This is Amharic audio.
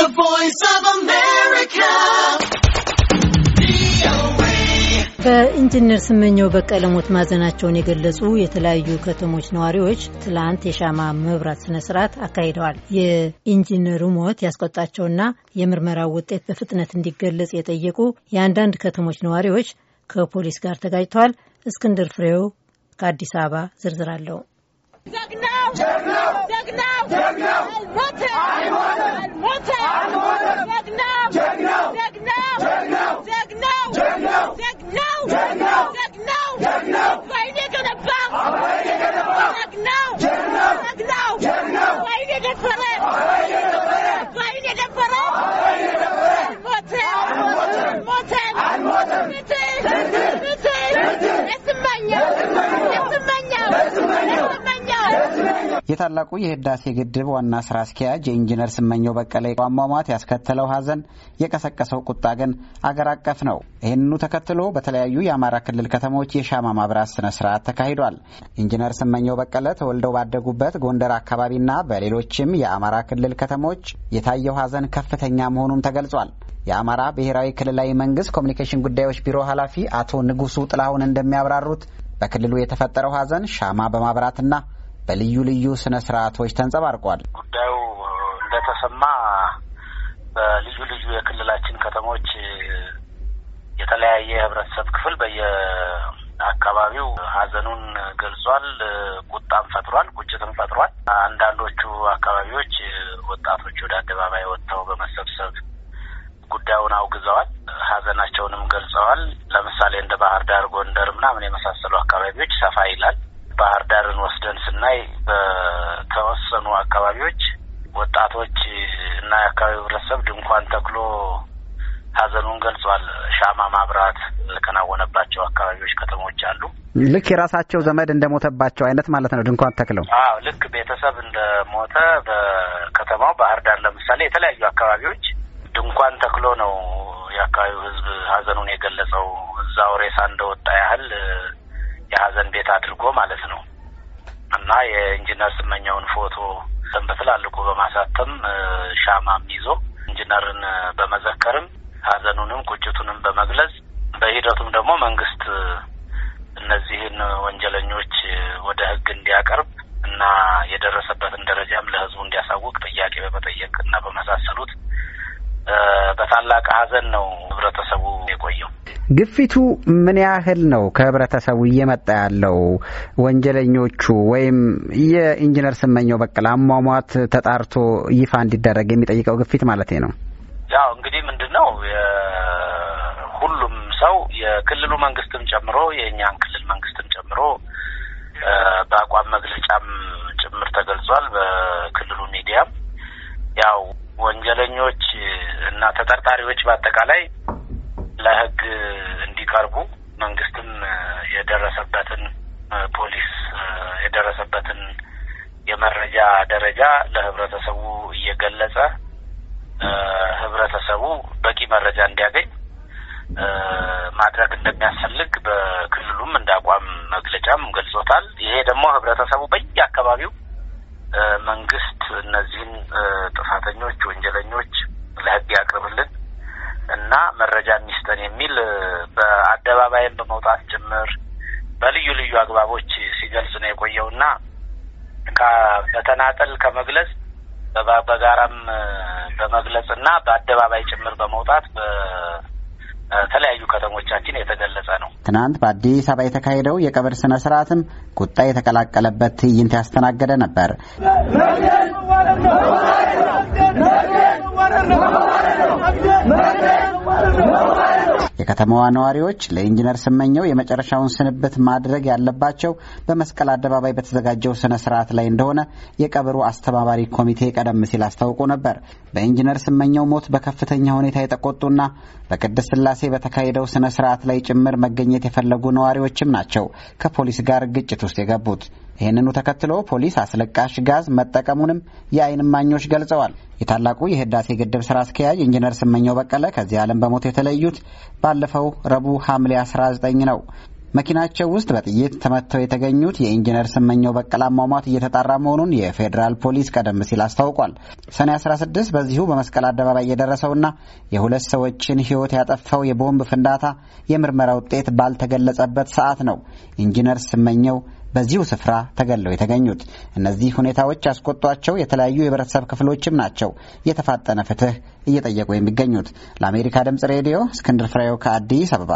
The Voice of America. በኢንጂነር ስመኘው በቀለ ሞት ማዘናቸውን የገለጹ የተለያዩ ከተሞች ነዋሪዎች ትላንት የሻማ መብራት ስነ ስርዓት አካሂደዋል። የኢንጂነሩ ሞት ያስቆጣቸውና የምርመራው ውጤት በፍጥነት እንዲገለጽ የጠየቁ የአንዳንድ ከተሞች ነዋሪዎች ከፖሊስ ጋር ተጋጭተዋል። እስክንድር ፍሬው ከአዲስ አበባ ዝርዝር አለው። የታላቁ የህዳሴ ግድብ ዋና ስራ አስኪያጅ የኢንጂነር ስመኘው በቀለ አሟሟት ያስከተለው ሀዘን የቀሰቀሰው ቁጣ ግን አገር አቀፍ ነው። ይህንኑ ተከትሎ በተለያዩ የአማራ ክልል ከተሞች የሻማ ማብራት ስነ ስርዓት ተካሂዷል። ኢንጂነር ስመኘው በቀለ ተወልደው ባደጉበት ጎንደር አካባቢና በሌሎችም የአማራ ክልል ከተሞች የታየው ሀዘን ከፍተኛ መሆኑም ተገልጿል። የአማራ ብሔራዊ ክልላዊ መንግስት ኮሚኒኬሽን ጉዳዮች ቢሮ ኃላፊ አቶ ንጉሱ ጥላሁን እንደሚያብራሩት በክልሉ የተፈጠረው ሀዘን ሻማ በማብራትና በልዩ ልዩ ስነ ስርዓቶች ተንጸባርቋል። ጉዳዩ እንደተሰማ በልዩ ልዩ የክልላችን ከተሞች የተለያየ ህብረተሰብ ክፍል በየአካባቢው ሀዘኑን ገልጿል። ቁጣም ፈጥሯል፣ ቁጭትም ፈጥሯል። አንዳንዶቹ አካባቢዎች ወጣቶች ወደ አደባባይ ወጥተው በመሰብሰብ ጉዳዩን አውግዘዋል፣ ሀዘናቸውንም ገልጸዋል። ለምሳሌ እንደ ባህር ዳር፣ ጎንደር ምናምን የመሳሰሉ አካባቢዎች ሰፋ ይላል። ባህር ዳርን ወስደን ስናይ በተወሰኑ አካባቢዎች ወጣቶች እና የአካባቢው ህብረተሰብ ድንኳን ተክሎ ሀዘኑን ገልጿል። ሻማ ማብራት የተከናወነባቸው አካባቢዎች፣ ከተሞች አሉ። ልክ የራሳቸው ዘመድ እንደሞተባቸው አይነት ማለት ነው። ድንኳን ተክለው አዎ፣ ልክ ቤተሰብ እንደሞተ በከተማው ባህር ዳር ለምሳሌ የተለያዩ አካባቢዎች ድንኳን ተክሎ ነው የአካባቢው ህዝብ ሀዘኑን የገለጸው። እዛው ሬሳ እንደወጣ ያህል የሀዘን ቤት አድርጎ ማለት ነው እና የኢንጂነር ስመኛውን ፎቶ በትላልቁ በማሳተም ሻማም ይዞ ኢንጂነርን በመዘከርም ሀዘኑንም ቁጭቱንም በመግለጽ በሂደቱም ደግሞ መንግስት እነዚህን ወንጀለኞች ወደ ህግ እንዲያቀርብ እና የደረሰበትን ደረጃም ለህዝቡ እንዲያሳውቅ ጥያቄ በመጠየቅ እና በመሳሰሉት በታላቅ ሀዘን ነው ህብረተሰቡ የቆየው። ግፊቱ ምን ያህል ነው? ከህብረተሰቡ እየመጣ ያለው ወንጀለኞቹ ወይም የኢንጂነር ስመኘው በቀለ አሟሟት ተጣርቶ ይፋ እንዲደረግ የሚጠይቀው ግፊት ማለት ነው። ያው እንግዲህ ምንድን ነው ሁሉም ሰው የክልሉ መንግስትም ጨምሮ የእኛን ክልል መንግስትም ጨምሮ በአቋም መግለጫም ጭምር ተገልጿል። በክልሉ ሚዲያም ያው ወንጀለኞች እና ተጠርጣሪዎች በአጠቃላይ ለህግ እንዲቀርቡ መንግስትም የደረሰበትን ፖሊስ የደረሰበትን የመረጃ ደረጃ ለህብረተሰቡ እየገለጸ ህብረተሰቡ በቂ መረጃ እንዲያገኝ ማድረግ እንደሚያስፈልግ በክልሉም እንደ አቋም መግለጫም ገልጾታል። ይሄ ደግሞ ህብረተሰቡ በየአካባቢው መንግስት እነዚህን ጥፋተኞች፣ ወንጀለኞች ለህግ ያቅርብልን እና መረጃ ሚስጠን የሚል በአደባባይም በመውጣት ጭምር በልዩ ልዩ አግባቦች ሲገልጽ ነው የቆየውና በተናጠል ከመግለጽ በጋራም በመግለጽ እና በአደባባይ ጭምር በመውጣት በተለያዩ ከተሞቻችን የተገለጸ ነው። ትናንት በአዲስ አበባ የተካሄደው የቀብር ስነ ስርዓትም ቁጣ የተቀላቀለበት ትዕይንት ያስተናገደ ነበር። የከተማዋ ነዋሪዎች ለኢንጂነር ስመኘው የመጨረሻውን ስንብት ማድረግ ያለባቸው በመስቀል አደባባይ በተዘጋጀው ስነ ስርዓት ላይ እንደሆነ የቀብሩ አስተባባሪ ኮሚቴ ቀደም ሲል አስታውቆ ነበር። በኢንጂነር ስመኘው ሞት በከፍተኛ ሁኔታ የተቆጡና በቅድስት ስላሴ በተካሄደው ስነ ስርዓት ላይ ጭምር መገኘት የፈለጉ ነዋሪዎችም ናቸው ከፖሊስ ጋር ግጭት ውስጥ የገቡት። ይህንኑ ተከትሎ ፖሊስ አስለቃሽ ጋዝ መጠቀሙንም የአይን እማኞች ገልጸዋል። የታላቁ የህዳሴ ግድብ ስራ አስኪያጅ ኢንጂነር ስመኘው በቀለ ከዚህ ዓለም በሞት የተለዩት ባለፈው ረቡዕ ሐምሌ 19 ነው። መኪናቸው ውስጥ በጥይት ተመትተው የተገኙት የኢንጂነር ስመኘው በቀለ አሟሟት እየተጣራ መሆኑን የፌዴራል ፖሊስ ቀደም ሲል አስታውቋል። ሰኔ 16 በዚሁ በመስቀል አደባባይ የደረሰውና የሁለት ሰዎችን ሕይወት ያጠፋው የቦምብ ፍንዳታ የምርመራ ውጤት ባልተገለጸበት ሰዓት ነው ኢንጂነር ስመኘው በዚሁ ስፍራ ተገለው የተገኙት። እነዚህ ሁኔታዎች ያስቆጧቸው የተለያዩ የህብረተሰብ ክፍሎችም ናቸው የተፋጠነ ፍትህ እየጠየቁ የሚገኙት። ለአሜሪካ ድምጽ ሬዲዮ እስክንድር ፍሬው ከአዲስ አበባ